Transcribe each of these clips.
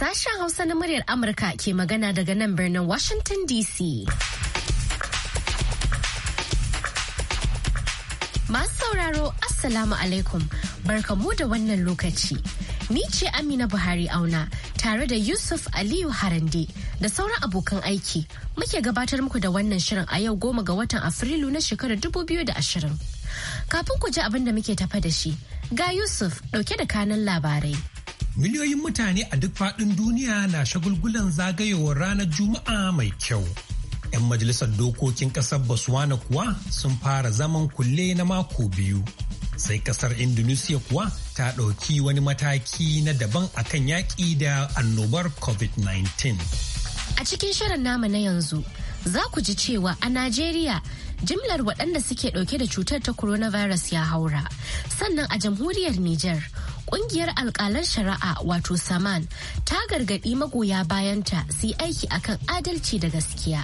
Sashen Hausa na muryar Amurka ke magana daga nan birnin Washington DC. Masu sauraro Assalamu alaikum barkamu da wannan lokaci. Ni ce Amina Buhari auna tare da Yusuf Aliyu Harande da sauran abokan aiki muke gabatar muku da wannan shirin a yau goma ga watan Afrilu na shekarar 2020. Kafin ku ji abin da muke tafa da shi, ga Yusuf dauke da kanan labarai. Miliyoyin mutane a duk faɗin duniya na shagulgulan zagayowar ranar Juma'a mai kyau. 'Yan majalisar dokokin ƙasar Botswana kuwa sun fara zaman kulle na mako biyu. Sai ƙasar Indonesia kuwa ta ɗauki wani mataki na daban a kan yaƙi da annobar COVID-19. A cikin shirin nama na yanzu, za ku ji cewa a Najeriya jimlar waɗanda suke ɗauke da cutar ta coronavirus ya haura. Sannan a jamhuriyar Nijar. Kungiyar alkalan shari'a wato Saman ta gargaɗi magoya bayanta su yi aiki akan adalci da gaskiya.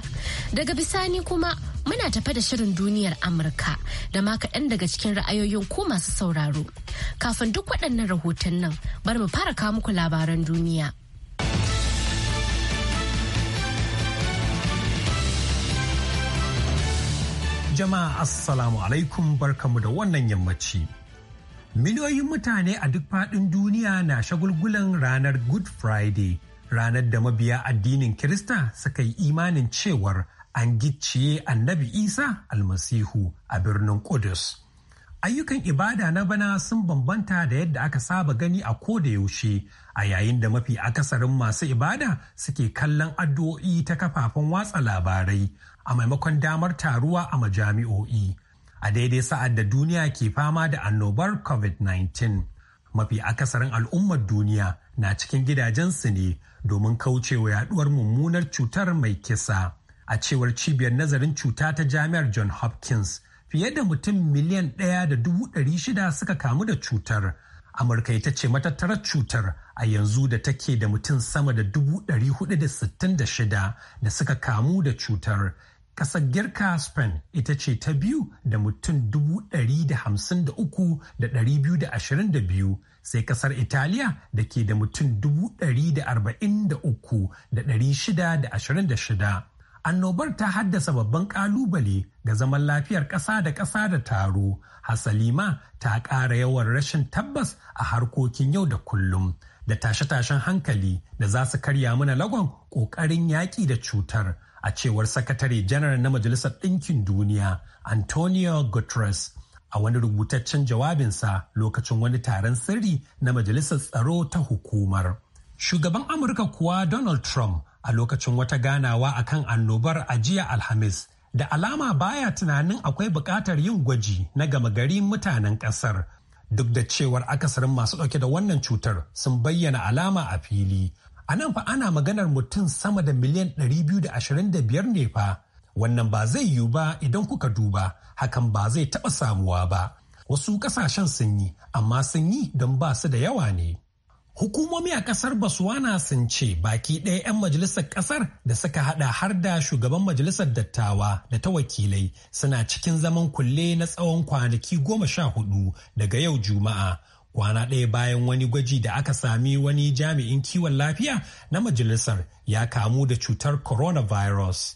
Daga bisani kuma muna tafa da shirin duniyar Amurka da ma kaɗan daga cikin ra'ayoyin ko masu sauraro. Kafin duk waɗannan rahoton nan bari mu fara kawo muku labaran duniya. Jama'a Assalamu alaikum barkamu da wannan yammaci. Miliyoyin mutane a duk faɗin duniya na shagulgulan ranar Good Friday, ranar da mabiya addinin Kirista suka yi imanin cewar an gicciye annabi Isa almasihu a birnin Kudus. Ayyukan ibada na bana sun bambanta da yadda aka saba gani a koda yaushe a yayin da mafi akasarin masu ibada suke kallon addu'o'i ta kafafen watsa labarai a maimakon damar taruwa a majami'o'i. a daidai sa'ad da duniya ke fama da annobar covid-19 mafi akasarin al'ummar duniya na cikin gidajensu ne domin kaucewa yaduwar mummunar cutar mai kisa a cewar cibiyar nazarin cuta ta jami'ar john hopkins fiye da mutum miliyan ɗaya da dubu ɗari shida suka kamu da cutar amurka ita ce matattarar cutar a yanzu da take da mutum sama da dubu ɗari hudu da sittin da shida da suka kamu da cutar Ƙasar Girka Spain ita ce ta biyu da mutum 153,222 sai ƙasar Italiya da ke da mutum 143,626. Annobar ta haddasa babban kalubale ga zaman lafiyar kasa da kasa da taro. Hasalima ta ƙara yawan rashin tabbas a harkokin yau da kullum. da tashe-tashen hankali da za su karya mana lagon ƙoƙarin yaƙi da cutar a cewar sakatare janar na majalisar ɗinkin duniya antonio guterres a wani rubutaccen jawabinsa lokacin wani taron sirri na majalisar tsaro ta hukumar shugaban amurka kuwa donald trump a lokacin wata ganawa akan annobar a jiya alhamis da alama baya tunanin akwai buƙatar yin gwaji na gama gari mutanen ƙasar duk da cewar akasarin masu ɗauke da wannan cutar sun bayyana alama a fili A nan fa ana maganar mutum sama da miliyan 225 ne fa. Wannan ba zai yiwu ba idan kuka duba, hakan ba zai taɓa samuwa ba. Wasu ƙasashen sun yi, amma sun yi don ba su da yawa ne. Hukumomi a ƙasar Botswana sun ce baki ɗaya 'yan majalisar ƙasar da suka hada har da shugaban majalisar dattawa da ta wakilai suna cikin zaman kulle na tsawon kwanaki goma sha hudu daga yau Juma'a kwana ɗaya bayan wani gwaji da aka sami wani jami'in kiwon lafiya na majalisar ya kamu da cutar coronavirus.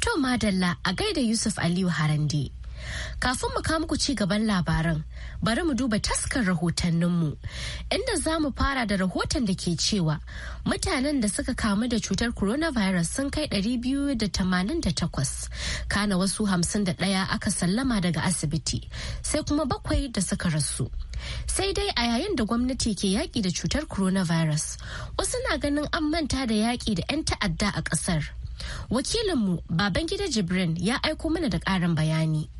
To madalla a gaida Yusuf Aliyu Harande. Kafin mu kama muku ci gaban labaran, bari mu duba taskar rahotanninmu, inda za mu fara da rahoton da ke cewa mutanen da suka kamu da cutar coronavirus sun kai 288, kana wasu 51 aka sallama daga asibiti, sai kuma bakwai da suka rasu. sai dai a yayin da gwamnati ke yaƙi da cutar coronavirus wasu na ganin an manta da yaƙi da 'yan ta'adda a ƙasar wakilinmu babangida jibrin ya aiko mana da ƙarin bayani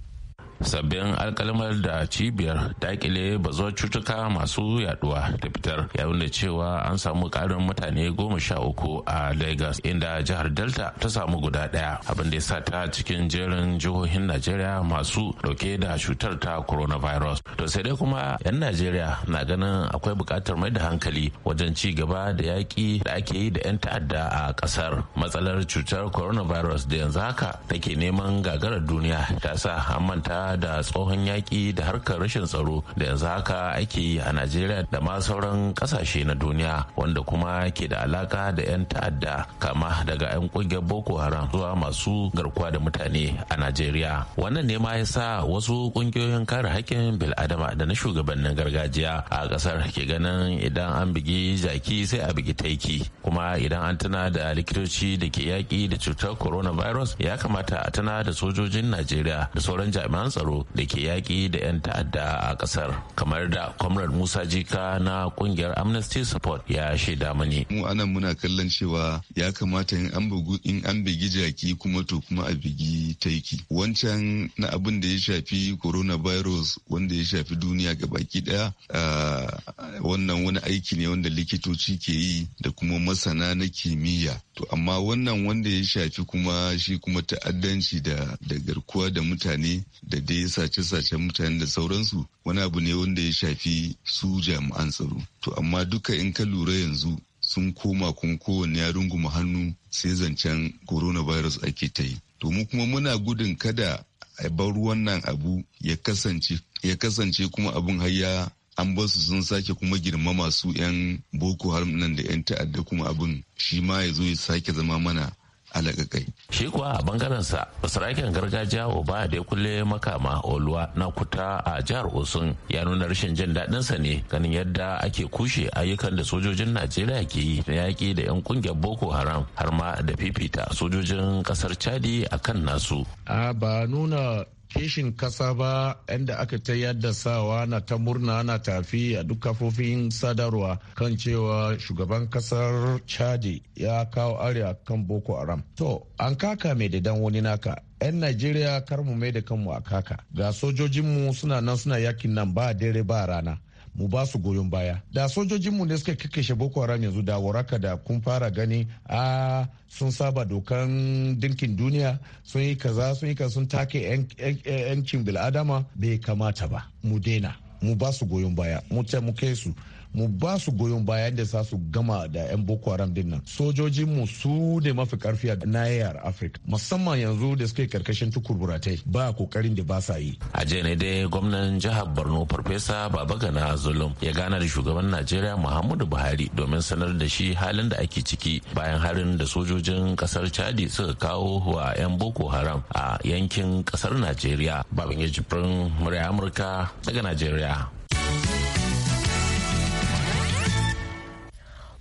sabbin alkalamar da cibiyar dakile bazuwar cutuka masu yaduwa ta fitar yayin da cewa an samu karin mutane goma sha uku a lagos inda jihar delta ta samu guda daya abin da ya sa ta cikin jerin jihohin najeriya masu dauke da cutar ta coronavirus to sai dai kuma 'yan najeriya na ganin akwai bukatar mai da hankali wajen ci gaba da yaƙi da ake yi da 'yan ta'adda a ƙasar matsalar cutar coronavirus da yanzu haka take neman gagarar duniya ta sa an manta da tsohon yaƙi da harkar rashin tsaro da yanzu haka ake yi a najeriya da ma sauran ƙasashe na duniya wanda kuma ke da alaka da 'yan ta'adda kama daga 'yan ƙungiyar boko haram zuwa masu garkuwa da mutane a najeriya wannan ne ma ya sa wasu ƙungiyoyin kare haƙƙin bil'adama da na shugabannin gargajiya a ƙasar ke ganin idan an bigi jaki sai a bigi taiki kuma idan an tuna da likitoci da ke yaƙi da cutar coronavirus ya kamata a tuna da sojojin najeriya da sauran jami'an tsaro da ke yaƙi da 'yan ta'adda a ƙasar kamar da comrade musa jika na ƙungiyar amnesty support ya shaida mani mu anan muna kallon cewa ya kamata in an bugu in an bigi jaki kuma to kuma a bigi taiki wancan na abin da ya shafi coronavirus wanda ya shafi duniya ga baki daya ah, wannan wani aiki ne wanda likitoci ke yi da kuma masana na kimiyya to amma wannan wanda ya shafi kuma shi kuma ta'addanci da da garkuwa da mutane da ya sace-sace mutane da sauransu wani abu ne wanda ya shafi su jami'an tsaro to amma duka in ka lura yanzu sun koma kun kowanne ya runguma hannu sai zancen coronavirus ake ta yi to mu kuma muna gudun kada a bar wannan abu ya kasance ya kuma abun hayya an ba su sun sake kuma girma masu 'yan boko haram nan da 'yan ta'adda kuma abin shi ma ya zo ya sake zama mana lagagai. Shi kuwa a bangaren sa sarakin gargajiya Oba da ya kulle makama Oluwa na kuta a jihar Osun ya nuna rashin jin daɗin sa ne ganin yadda ake kushe ayyukan da sojojin Najeriya ke yi na yaƙi da 'yan ƙungiyar Boko Haram har ma da fifita sojojin ƙasar Chadi akan nasu. A ba nuna kishin kasa ba inda aka ta yadda sawa na ta murna na tafi a duk kafofin sadarwa kan cewa shugaban kasar chadi ya kawo arewa kan boko haram to an kaka mai da wani naka 'yan najeriya kar mu mai da kanmu a kaka ga sojojinmu suna nan suna yakin nan ba dare ba rana mu ba su goyon baya da sojojinmu ne suka kakkashe boko haram yanzu da waraka da kun fara gani a sun saba dokan dinkin duniya sun yi kaza sun yi kaza sun take yancin bil'adama bai kamata ba mu daina mu ba su goyon baya mu taimake su mu ba su goyon baya da za su gama da 'yan boko haram din nan sojojin mu su ne mafi karfi a nahiyar afirka musamman yanzu da suke karkashin tuƙuru-buratai ba kokarin da ba sa yi a jiya ne dai gwamnan jihar borno farfesa babagana zulum ya gana da shugaban najeriya muhammadu buhari domin sanar da shi halin da ake ciki bayan harin da sojojin kasar chadi suka kawo wa 'yan boko haram a yankin kasar najeriya babin ya jibrin murya amurka daga najeriya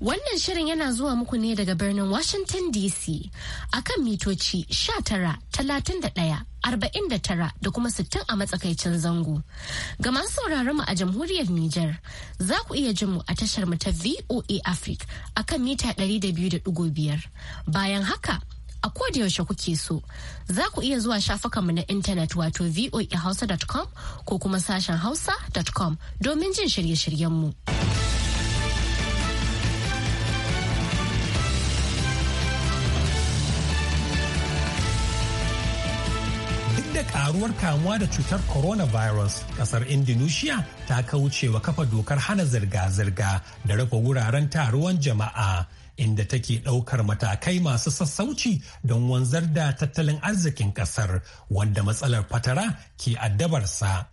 Wannan shirin yana zuwa muku ne daga birnin Washington DC a kan mitoci talatin da kuma 60 a matsakaicin zango. Ga masu sauraron mu a jamhuriyar Nijar, za ku iya jin mu a tashar mu ta VOA Africa a kan mita 200.5. Bayan haka, a yaushe kuke so za ku iya zuwa shafukanmu na intanet wato voahausa.com ko kuma sashen hausa.com domin jin shirye-shiryenmu. mu. duk da karuwar kamuwa da cutar coronavirus kasar indonesia ta kauce wa kafa dokar hana zirga-zirga da rufe wuraren taruwan jama'a inda take ɗaukar matakai masu sassauci don wanzar da tattalin arzikin kasar wanda matsalar fatara ke addabarsa.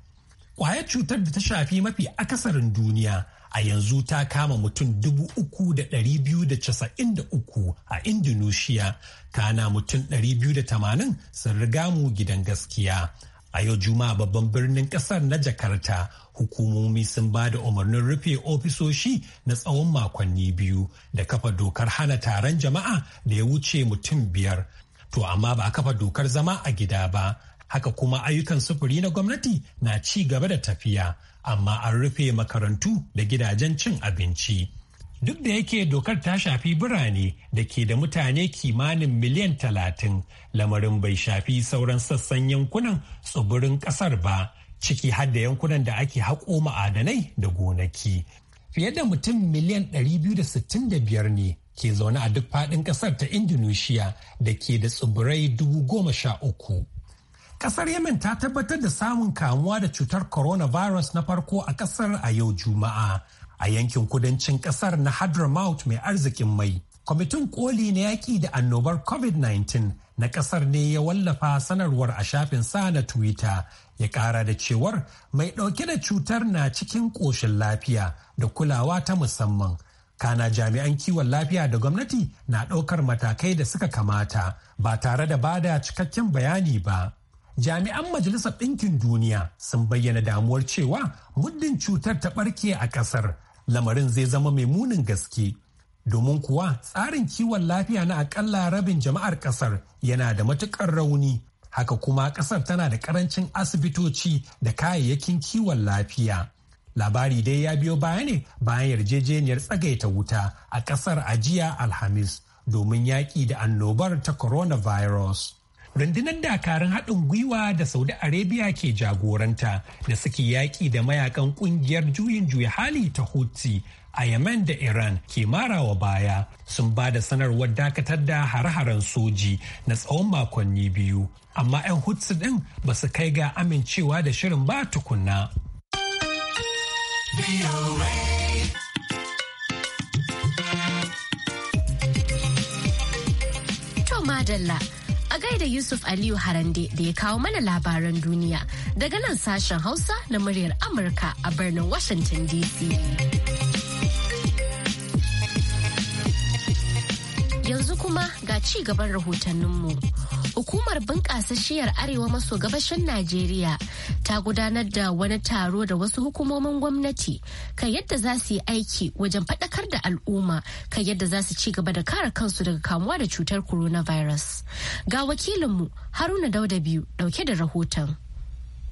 Kwayar cutar da ta shafi mafi akasarin duniya a yanzu ta kama mutum 3,293 a Indonesia, kana mutum 280 sun riga mu gidan gaskiya. A yau Juma'a babban birnin kasar na Jakarta, hukumomi sun ba da umarnin rufe ofisoshi na tsawon makonni biyu da kafa dokar hana taron jama'a da ya wuce mutum biyar. To amma ba a kafa dokar zama a gida ba, haka kuma ayyukan sufuri na gwamnati na ci gaba da tafiya. amma an rufe makarantu da gidajen cin abinci. Duk da yake dokar ta shafi birane da ke da mutane kimanin miliyan talatin, lamarin bai shafi sauran sassan yankunan tsibirin kasar ba, ciki har da yankunan da ake haƙo ma'adanai da gonaki. Fiye da mutum miliyan 265 ne ke zaune a duk faɗin ƙasar ta Indonesia da ke da tsibirai dubu Kasar Yemen ta tabbatar da samun kamuwa da cutar coronavirus na farko a kasar a yau Juma'a a yankin kudancin kasar na Hadramaut mai arzikin mai. Kwamitin koli na yaƙi da annobar COVID-19 na kasar ne ya wallafa sanarwar a shafin sa na Twitter ya ƙara da cewar mai ɗauke da cutar na cikin ƙoshin lafiya da kulawa ta musamman. kana jami'an kiwon lafiya da gwamnati na ɗaukar matakai da suka kamata ba tare da bada cikakken bayani ba jami'an majalisar ɗinkin duniya sun bayyana damuwar cewa muddin cutar ta ɓarke a ƙasar lamarin zai zama mai munin gaske domin kuwa tsarin kiwon lafiya na akalla rabin jama'ar ƙasar yana da matuƙar rauni haka kuma ƙasar tana da ƙarancin asibitoci da kayayyakin kiwon lafiya labari dai ya biyo baya ne bayan yarjejeniyar tsagaita wuta a ƙasar ajiya alhamis domin yaƙi da annobar ta coronavirus. rundunar dakarun haɗin gwiwa da saudi arabia ke jagoranta da suke yaƙi da mayakan ƙungiyar juyin juya hali ta houthi a yemen da iran ke marawa baya sun ba da sanarwar dakatar da hare-haren soji na tsawon makonni biyu amma 'yan houthi ɗin ba su kai ga amincewa da shirin ba tukunna. To madalla a gaida Yusuf Aliyu Harande da ya kawo mana labaran duniya daga nan sashen Hausa na muryar Amurka a birnin Washington DC. Yanzu kuma ga ci gaban rahotanninmu. Hukumar bunƙasa shiyar Arewa maso gabashin Najeriya ta gudanar da wani taro da wasu hukumomin gwamnati kan yadda za su yi aiki wajen faɗa da al'umma kan yadda za su ci gaba da kare kansu daga kamuwa da cutar coronavirus. Ga wakilinmu Haruna Dauda biyu ɗauke da rahoton.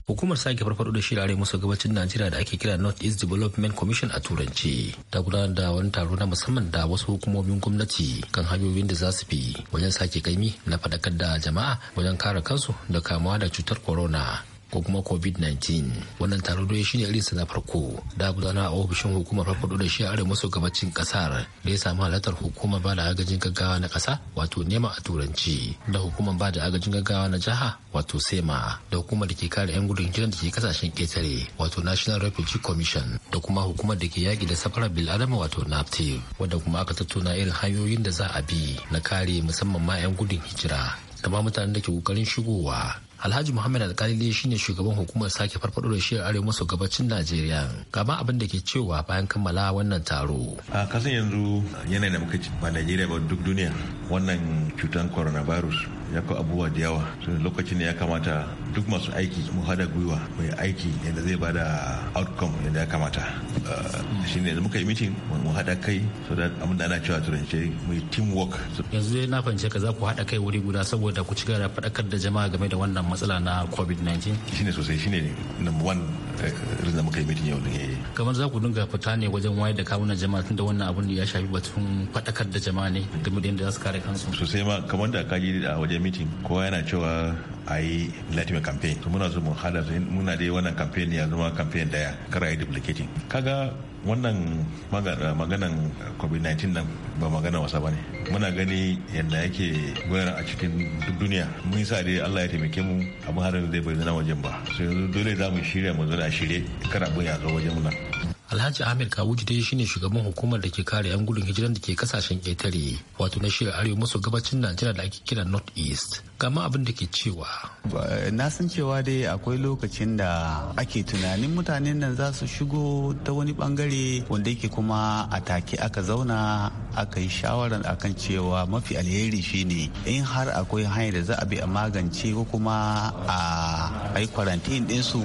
hukumar sake farfado da shirare musu gabacin najeriya da ake kira north east development commission a turanci ta gudanar da wani taro na musamman da wasu hukumomin gwamnati kan hanyoyin da za su fi wajen sake kaimi na faɗakar da jama'a wajen kare kansu da kamuwa da cutar corona ko kuma covid-19 wannan taro dai shine irinsa na farko da gudana a ofishin hukumar farfado da shi a arewa maso gabacin kasar da ya samu halartar hukumar ba da agajin gaggawa na kasa wato nema a turanci da hukumar ba da agajin gaggawa na jiha wato sema da hukumar da ke kare 'yan gudun hijira da ke kasashen ketare wato national refugee commission da kuma hukumar da ke yaki da safarar bil'adama wato NAFTI wadda kuma aka tattauna irin hanyoyin da za a bi na kare musamman ma 'yan gudun hijira da ma mutanen da ke kokarin shigowa alhaji muhammad alkalili shine shugaban hukumar sake farfado da shiyar arewa maso gabacin najeriya gama abin da ke cewa bayan kammala wannan taro a kasan yanzu yanayin da muka ci ba najeriya ba duk duniya wannan cutar coronavirus ya kawo abubuwa da yawa lokacin ya kamata duk masu aiki mu hada gwiwa mai aiki yadda zai bada outcome yadda ya kamata eh, shi ne muka yi mitin mu hada kai so da abinda ana cewa turanci mu yi teamwork yanzu dai na fahimci ka za ku hada kai wuri guda saboda ku ci gaba da faɗakar da jama'a game da wannan matsala na covid-19 ne sosai shine number one eh, da muka yi mitin yau da eh. kamar za ku dinga fita ne wajen wayar da kawunan jama'a tunda wannan abun ya shafi batun faɗakar da jama'a ne game da yadda za su kare kansu sosai ma kamar da kaji a wajen mitin kowa yana cewa a yi enlightenment campaign to muna zo mu hada muna dai wannan campaign ya zama campaign daya kar a yi duplicating kaga wannan eh, maganan covid-19 nan ba magana wasa ba ne muna gani yadda yake gwayar a cikin duk duniya mun sa dai allah ya taimake mu abin har da bai zana wajen ba so yanzu dole za mu shirya mu zana shirye kar abin ya zo wajen mu nan Alhaji Ahmed Kawuji dai shine shugaban hukumar da ke kare 'yan gudun hijiran da ke kasashen ƙetare wato na shirya arewa maso gabacin Najeriya da ake kira North East. Gama abin da ke cewa. Na san cewa dai akwai lokacin da ake tunanin mutanen nan za su shigo ta wani bangare wanda yake kuma a take aka zauna aka yi shawarar akan cewa mafi alheri shine in har akwai hanyar da za a bi a magance ko kuma a yi kwarantin ɗinsu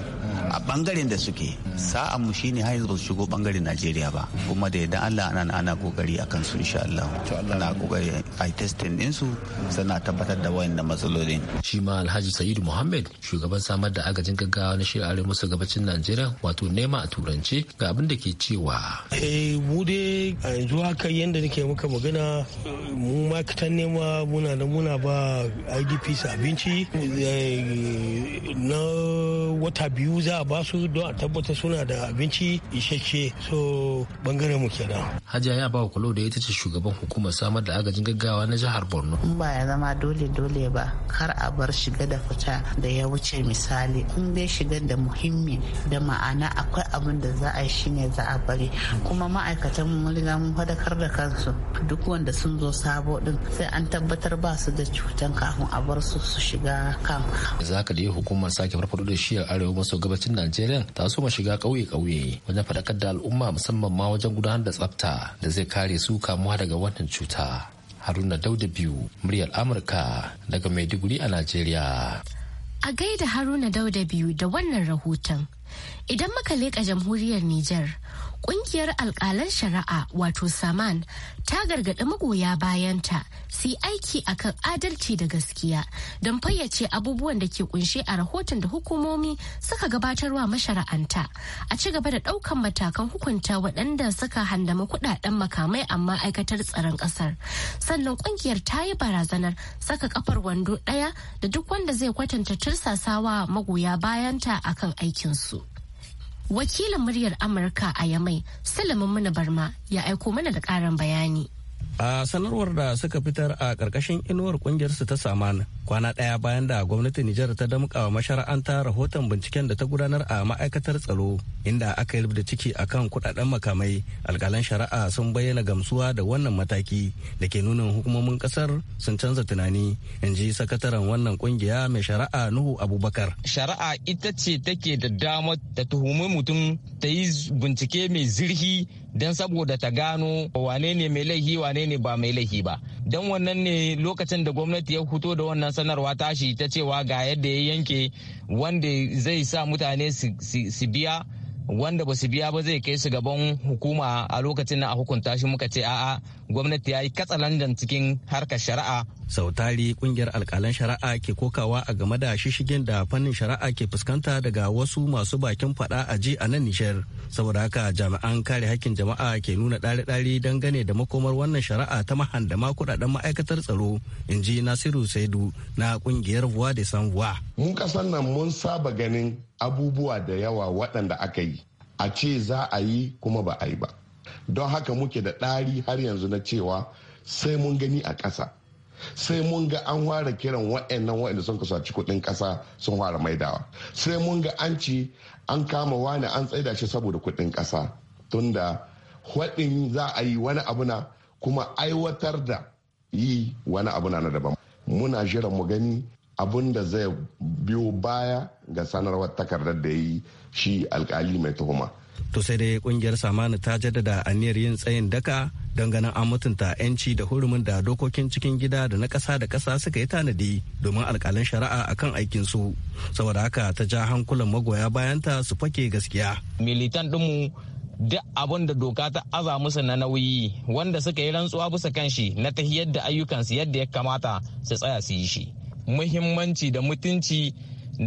a bangaren da suke. sa'a mu shine hanyar shigo bangaren najeriya ba kuma da yadda allah ana ana kokari a kansu insha allah ana kokari a testing ɗinsu sana tabbatar da wayan da matsalolin shi ma alhaji sayid muhammad shugaban samar da agajin gaggawa na shirin arewa maso gabacin najeriya wato nema a turance ga abin da ke cewa eh mu yanzu haka yanda nake muka magana mu kitan nema muna da muna ba IDP abinci eh, na wata biyu za a basu don a tabbata suna da abinci ce so bangaren mu kenan. Hajiya ya bawa kulo da ita ce shugaban hukumar samar da agajin gaggawa na jihar Borno. In ba ya zama dole dole ba kar a bar shiga da fita da ya wuce misali in dai shiga da muhimmi da ma'ana akwai abin da za a yi shine za a bari kuma ma'aikatan mun riga mun fadakar da kansu duk wanda sun zo sabo din sai an tabbatar ba su da cutan kafin a bar su su shiga kan. ka da hukumar sake farfado da shiyar arewa maso gabacin Najeriya ta so ma shiga kauye kauye wajen fadakar faɗakar da al'umma musamman ma wajen gudanar da tsafta da zai kare su kamuwa daga wannan cuta haruna dauda biyu muryar amurka daga maiduguri a najeriya a gaida haruna dauda biyu da wannan rahoton Idan muka leƙa jamhuriyar Nijar, ƙungiyar alƙalan shari'a wato Saman ta gargaɗi magoya bayanta su yi aiki akan adalci da gaskiya don fayyace abubuwan da ke kunshe a rahoton da hukumomi suka gabatarwa mashara'anta a ci gaba da ɗaukan matakan hukunta waɗanda suka handama kuɗaɗen makamai amma aikatar tsaron ƙasar. Sannan ƙungiyar ta yi barazanar saka kafar wando ɗaya da duk wanda zai kwatanta tursasawa magoya bayanta akan aikinsu. Wakilin muryar Amurka a Yamai, Salamin Muna Barma, ya aiko mana da ƙarin bayani. a sanarwar da suka fitar a ƙarƙashin inuwar ƙungiyarsu ta saman kwana ɗaya bayan da gwamnatin nijar ta damƙa mashara'anta rahoton binciken da ta gudanar a ma'aikatar tsaro inda aka yi da ciki a kan kuɗaɗen makamai alkalan shari'a sun bayyana gamsuwa da wannan mataki da ke nunin hukumomin ƙasar sun canza tunani in ji sakataren wannan ƙungiya mai shari'a nuhu abubakar shari'a ita ce take da damar da tuhumi mutum ta yi bincike mai zirhi don saboda ta gano wane ne mai laihi wane ne ba mai laihi ba don wannan ne lokacin da gwamnati ya fito da wannan sanarwa tashi ta cewa ga yadda ya yanke wanda zai sa mutane su biya wanda ba su biya ba zai kai su gaban hukuma a lokacin na a hukunta shi muka ce a'a gwamnati ya yi katsalandan cikin harkar shari'a. sau tari kungiyar alkalan shari'a ke kokawa a game da shishigin da fannin shari'a ke fuskanta daga wasu masu bakin fada a ji a nan nishar saboda haka jami'an kare hakkin jama'a ke nuna ɗari-ɗari dangane da makomar wannan shari'a ta mahandama kuɗaɗen ma'aikatar tsaro in ji nasiru saidu na kungiyar voix de san voix. mun kasan nan mun saba ganin abubuwa da yawa waɗanda aka yi a ce za a yi kuma ba a yi ba don haka muke da ɗari har yanzu na cewa sai mun gani a ƙasa sai mun ga an ware kiran waɗannan waɗanda sun kasuwaci kuɗin ƙasa sun ware maidawa sai mun ga an ci an kama wani an tsaida shi saboda kuɗin ƙasa tunda waɗin za a yi wani abu na kuma aiwatar da yi wani abu na daban muna jiran mu gani abun da zai biyo baya ga sanarwar takardar da ya yi shi alkali mai tuhuma. To sai dai kungiyar Samani ta jaddada aniyar yin tsayin daka ganin an mutunta 'yanci da hurumin da dokokin cikin gida da na ƙasa da ƙasa suka yi tanadi domin alkalin shari'a akan aikin su. Saboda haka ta ja hankulan magoya bayanta su fake gaskiya. Militan ɗinmu duk abin da doka ta aza musu na nauyi wanda suka yi rantsuwa bisa kan shi na tahiyar da ayyukansu yadda ya kamata su tsaya su yi shi. muhimmanci da mutunci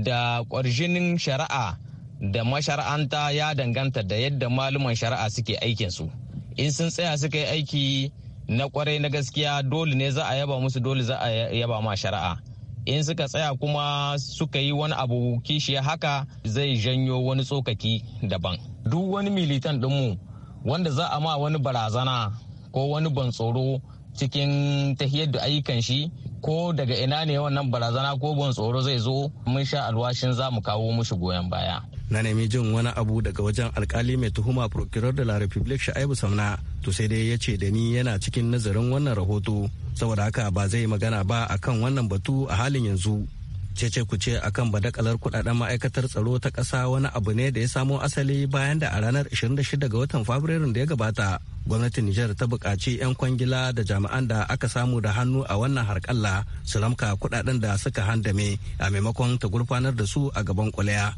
da ƙwarjinin shari'a da mashara'anta ya danganta da yadda malaman shari'a suke aikinsu in sun tsaya suka yi aiki na kwarai na gaskiya dole ne za a yaba musu dole za a yaba ma shari'a in suka tsaya kuma suka yi wani abu kishi haka zai janyo wani tsokaki daban duk wani militan ɗinmu wanda za a ma wani barazana ko wani ban tsoro cikin tahiyar da ayyukan shi ko daga ina ne wannan barazana ko gon tsoro zai zo mun sha alwashin za mu kawo mushi goyon baya. Na nemi jin wani abu daga wajen alkali mai tuhuma procurer de la republique Sha'ibu Samna to sai dai ya ce da ni yana cikin nazarin wannan rahoto saboda haka ba zai magana ba akan wannan batu a halin yanzu. cece ku ce kan badakalar kudaden ma'aikatar tsaro ta ƙasa wani abu ne da ya samo asali bayan da a ranar 26 ga watan fabrairun da ya gabata gwamnatin Nijar ta buƙaci 'yan kwangila da jami'an da aka samu da hannu a wannan harkalla su ramka kudaden da suka handame a maimakon ta gurfanar da su a gaban kwalaya.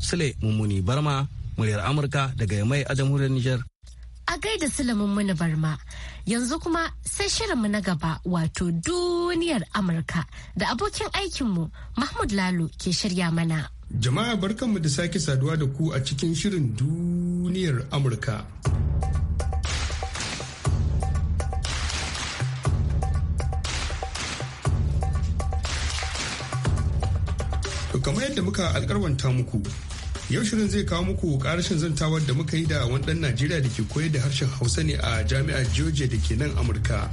Sule Mummuni Barma, muryar Amurka daga Yamai a jamhuriyar Nijar. a gaida sulamin muni barma yanzu kuma sai shirinmu na gaba wato duniyar amurka da abokin aikinmu mahmud lalo ke shirya mana jama'a barkanmu da sake saduwa da ku a cikin shirin duniyar amurka kamar yadda muka alkarwanta muku Yau shirin zai kawo muku karashin zantawar da muka yi da wani Najeriya da ke koyar da harshen Hausa ne a jami'ar Georgia da ke nan Amurka.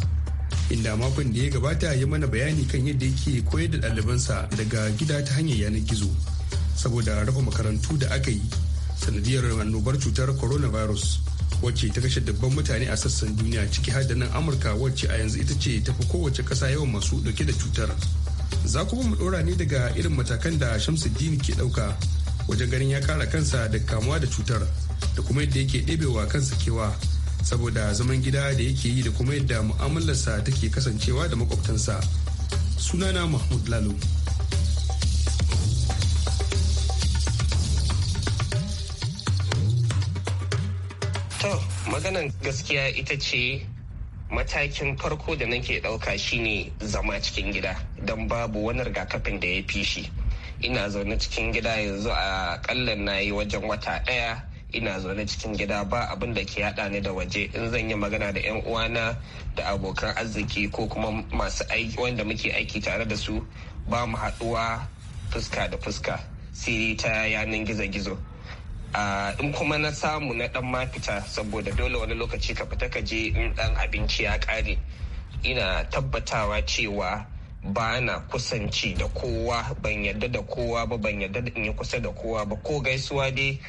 Inda makon da ya gabata ya mana bayani kan yadda yake koyar da ɗalibansa daga gida ta hanyar yanar gizo. Saboda rufe makarantu da aka yi sanadiyar annobar cutar coronavirus wacce ta kashe dabban mutane a sassan duniya ciki har da nan Amurka wacce a yanzu ita ce tafi kowace ƙasa yawan masu ɗauke da cutar. Za kuma mu ɗora ne daga irin matakan da Shamsuddin ke ɗauka wajen ganin ya kara kansa da kamuwa da cutar da kuma yadda yake ɗebewa kansa kewa saboda zaman gida da yake yi da kuma yadda mu'amalarsa take kasancewa da makwabtansa sunana mahmud lalo to maganan gaskiya ita ce matakin farko da nake ɗauka shine zama cikin gida don babu wani rigakafin da ya fi shi ina zaune cikin gida yanzu a kallon na yi wajen wata ɗaya ina zaune cikin gida ba abin da ke haɗa ni da waje in zan yi magana da 'yan uwana da abokan arziki ko kuma masu aiki wanda muke aiki tare da su ba mu haɗuwa fuska da fuska sai ta yanan gizo-gizo in kuma na samu na ɗan mafita saboda dole wani lokaci ka fita ka je in ɗan abinci ya ƙare ina tabbatawa cewa Bana kusanci da kowa ban yarda da kowa ba ban yadda da in yi kusa da kowa ba ko gaisuwa dai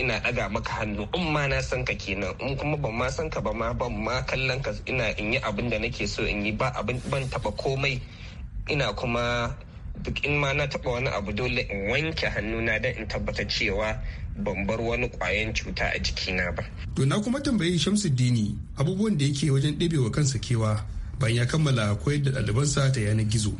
ina daga maka hannu in ma na san ka kenan in kuma ban ma san ka ba ma ban ma kallon ka ina in yi abin da nake so in yi ba abin ban taba komai ina kuma duk in ma na taba wani abu dole in wanke hannuna don in tabbatar cewa ban bar wani kwayan cuta a jikina ba. To na kuma tambayi Shamsuddini abubuwan da yake wajen ɗebewa kansa kewa bayan ya kammala akwai da ɗalibansa ta yanar gizo.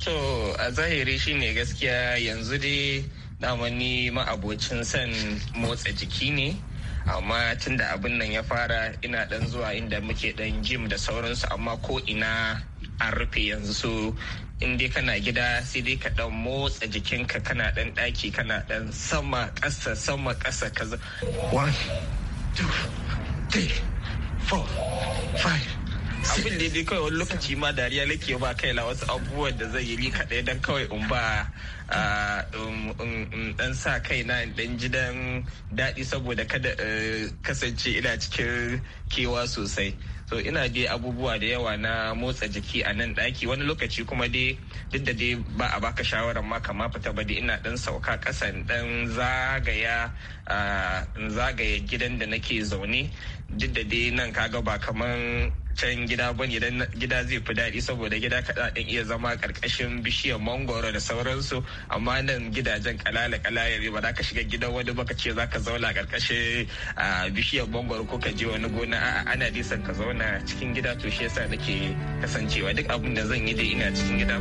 To a zahiri shine gaskiya yanzu dai dama ni ma'abocin son motsa jiki ne amma tun da abin nan ya fara ina dan zuwa inda muke dan jim da sauransu amma ko ina an rufe yanzu so in dai kana gida sai dai ka dan motsa jikinka kana dan daki kana dan sama kasa sama ƙasa kaza one two three four five abin da dai kawai wani lokaci ma dariya nake ba kai la wasu abubuwan da zai yi ni kaɗai dan kawai in ba in dan sa kai na dan ji dan daɗi saboda kada eh, kasance ina cikin kewa sosai so ina dai abubuwa da yawa na motsa jiki a nan ɗaki wani lokaci kuma dai duk da dai ba a baka shawarar ma kama fita ba dai ina ɗan sauka ƙasa ɗan zagaya zagaya gidan da nake zaune duk da dai nan kaga ba kaman can gida ban ne gida zai fi daɗi saboda gida kaɗa ɗin iya zama ƙarƙashin bishiyar mangoro da sauransu amma nan gidajen kalala kalaya ba za ka shiga gidan wani ba ka ce za ka zauna a bishiyar mangoro ko ka je wani gona a ana nisan ka zauna cikin gida to shi yasa nake kasancewa duk abin da zan yi dai ina cikin gida.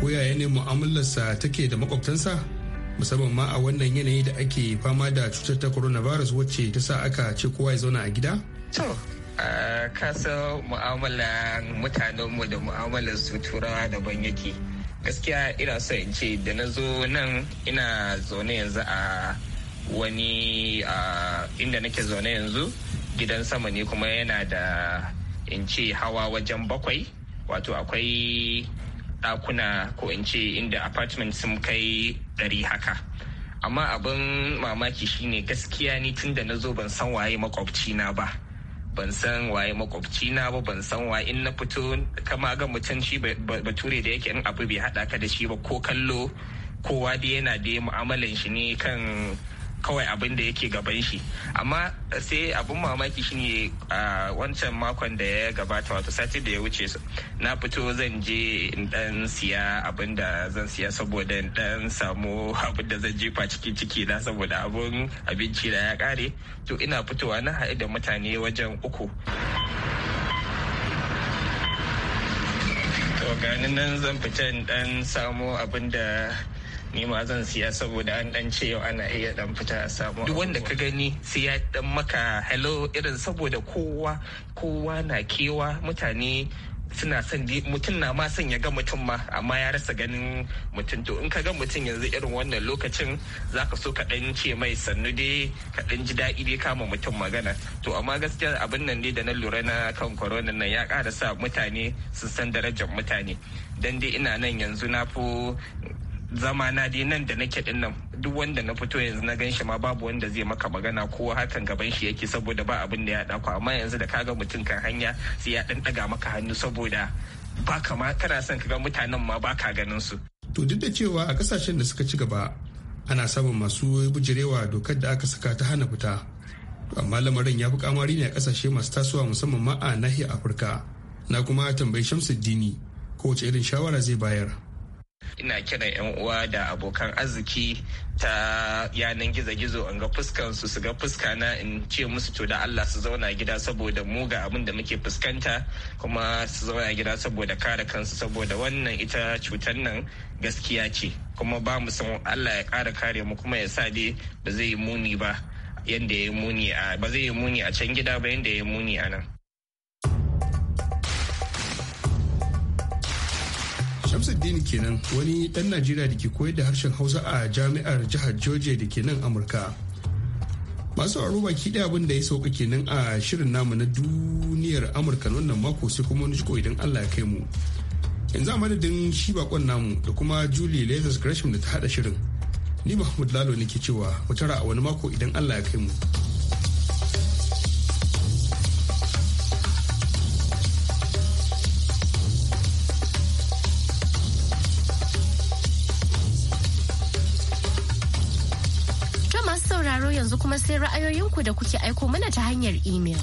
Ko yaya ne mu'amalarsa take da makwabtansa? musamman ma a wannan yanayi da ake fama da cutar ta coronavirus wacce ta sa aka ce kowa ya zauna a gida? To, san mu'amalan mutanenmu da mu'amalar su turawa daban yake. Gaskiya ina so in ce da na zo nan ina zaune yanzu a wani inda nake zaune yanzu gidan sama ne kuma yana da in ce hawa wajen bakwai wato akwai ɗakuna ko in ce inda apartment sun kai ɗari haka amma abin mamaki shine gaskiya ni tun da na zo ban san waye makwabcina ba ban san waye makwabcina ba ban san waye in na fito kama ga mutum shi bature da yake in abu bai haɗa ka da shi ba ko kallo kowa dai yana da mu'amalan shi ne kan kawai abin da yake gaban shi amma sai abin mamaki shine a wancan makon da ya gabata wato sati da ya wuce na fito zan je in dan siya abin da zan siya saboda in dan samu abin da zan jefa ciki ciki na saboda abin abinci da ya kare to ina fitowa na haɗu da mutane wajen uku to ganin nan zan fita in dan samu abin da ni ma zan siya saboda an dan ce yau ana iya dan fita a samu duk wanda ka gani sai ya dan maka hello irin saboda kowa kowa na kewa mutane suna son mutum na ma son ya ga mutum ma amma ya rasa ganin mutum to in ka ga mutum yanzu irin wannan lokacin zaka so ka dan ce mai sannu dai ka dan ji daɗi dai kama mutum magana to amma gaskiya abin nan dai da na lura na kan corona nan ya ƙara sa mutane su san darajar mutane dan dai ina nan yanzu na fi zama na dai nan da nake din nan duk wanda na fito yanzu na ganshi ma babu wanda zai maka magana ko hakan gaban shi yake saboda ba abin da ya dako amma yanzu da kaga mutum kan hanya sai ya dan daga maka hannu saboda ba kama kana son kaga mutanen ma baka ganin su to duk da cewa a kasashen da suka ci gaba ana samun masu bujirewa dokar da aka saka ta hana fita amma lamarin ya fi kamari ne a kasashe masu tasowa musamman ma a nahiyar afirka na kuma tambayi shamsuddini kowace irin shawara zai bayar ina kiran yan uwa da abokan arziki ta yanan gizo-gizo in ga fuskansu su ga fuska na in ce musu to da Allah su zauna gida saboda mu ga abin da muke fuskanta kuma su zauna gida saboda kare kansu saboda wannan ita cutar nan gaskiya ce kuma ba mu san Allah ya kara kare mu kuma ya sa dai ba zai yi muni ba yanda ya muni a ba zai yi muni a can gida ba yanda ya yi muni a nan Shamsuddin kenan wani ɗan Najeriya da ke koyar da harshen Hausa a jami'ar jihar Georgia da ke nan Amurka. Masu aro baki ɗaya abin da ya sauka kenan a shirin namu na duniyar Amurka wannan mako sai kuma wani shiko idan Allah ya kai mu. Yanzu a madadin shi bakon namu da kuma Julie legas Gresham da ta haɗa shirin. Ni Mahmud Lalo ne ke cewa wata a wani mako idan Allah ya kai mu. yanzu kuma sai ra'ayoyinku da kuke aiko mana ta hanyar imel.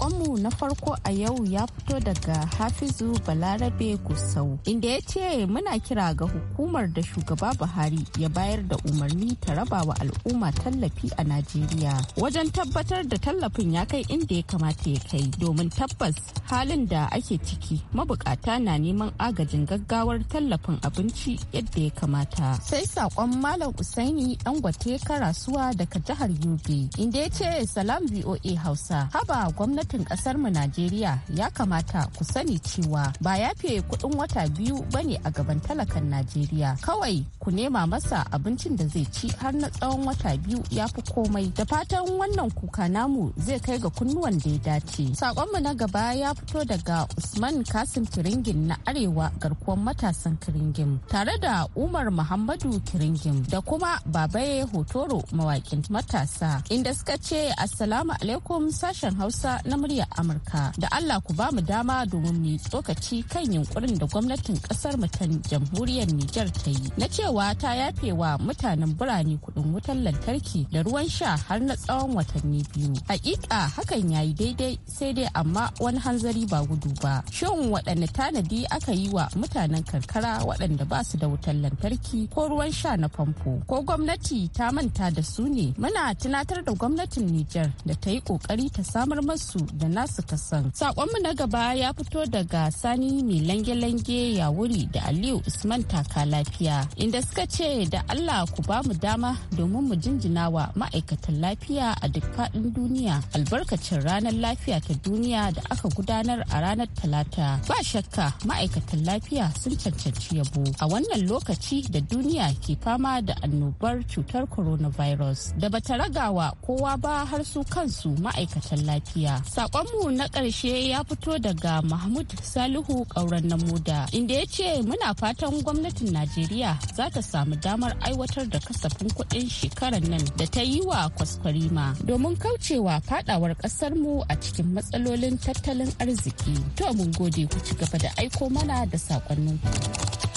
Sakonmu na farko a yau ya fito daga Hafizu Balarabe Gusau, inda ya ce muna kira ga hukumar da shugaba Buhari ya bayar da umarni ta raba wa al'umma tallafi a Najeriya. Wajen tabbatar da tallafin ya kai inda ya kamata ya kai domin tabbas halin da ake ciki mabukata na neman agajin gaggawar tallafin abinci yadda ya kamata. Sai sakon Malam Usaini gwate Karasuwa daga jihar Yobe, inda ya ce Salam VOA Hausa. Haba gwamnati gwamnatin ƙasarmu Najeriya ya kamata ku sani cewa ba ya fiye kuɗin wata biyu bane a gaban talakan Najeriya. Kawai ku nema masa abincin da zai ci har na tsawon wata biyu ya fi komai. Da fatan wannan kuka namu zai kai ga kunnuwan da ya dace. mu na gaba ya fito daga Usman Kasim Kiringin na Arewa garkuwar matasan Kiringin tare da Umar Muhammadu Kiringin da kuma Babaye Hotoro mawakin matasa inda suka ce Assalamu alaikum sashen Hausa na murya Amurka da Allah ku ba mu dama domin mu tsokaci kan yunkurin da gwamnatin kasar mu ta jamhuriyar Nijar ta yi na cewa ta yafe wa mutanen birane kuɗin wutar lantarki da ruwan sha har na tsawon watanni biyu. Hakika hakan ya yi daidai sai dai amma wani hanzari ba gudu ba. Shin waɗanne tanadi aka yi wa mutanen karkara waɗanda ba su da wutar lantarki ko ruwan sha na famfo ko gwamnati ta manta da su ne muna tunatar da gwamnatin Nijar da ta yi ƙoƙari ta samar masu nasu da nasu kasan. Sakonmu na gaba ya fito daga Sani mai lange-lange ya wuri da Aliyu Usman taka lafiya inda suka ce da Allah ku ba mu dama domin mu jinjina wa ma'aikatan lafiya a duk faɗin duniya albarkacin ranar lafiya ta duniya da aka gudanar a ranar talata. Ba shakka ma'aikatan lafiya sun cancanci yabo a wannan lokaci da duniya ke fama da annobar cutar coronavirus da bata ragawa kowa ba har su kansu ma'aikatan lafiya Sakonmu na ƙarshe ya fito daga Mahmud Salihu ƙauren Namuda inda ya ce muna fatan gwamnatin Najeriya za ta samu damar aiwatar da kasafin kuɗin shekarar nan da ta yi wa kwaskwarima domin kaucewa fadawar ƙasarmu a cikin matsalolin tattalin arziki. To mun gode ku ci gaba da aiko mana da saƙonninku.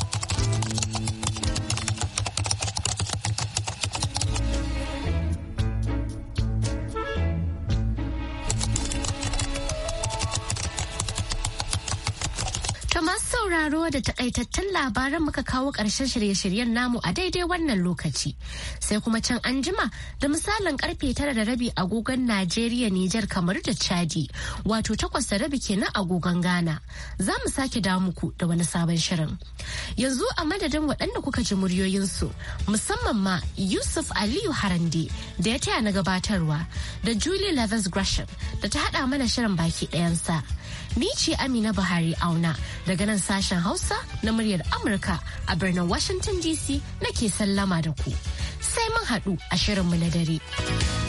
sauraro da takaitattun labaran muka kawo ƙarshen shirye-shiryen namu a daidai wannan lokaci. Sai kuma can anjima da misalin karfe tara da rabi agogon Najeriya Nijar kamar da Chadi wato takwas da rabi kenan agogon Ghana. Za mu sake da muku da wani sabon shirin. Yanzu a madadin waɗanda kuka ji muryoyinsu musamman ma Yusuf Aliyu Harande da ya taya na gabatarwa da Julie Leathers Gresham da ta haɗa mana shirin baki ɗayansa. Ni ce Amina Buhari Auna daga nan sashen Hausa na muryar Amurka a birnin Washington DC nake sallama da ku. Sai mun haɗu a shirin mu na dare.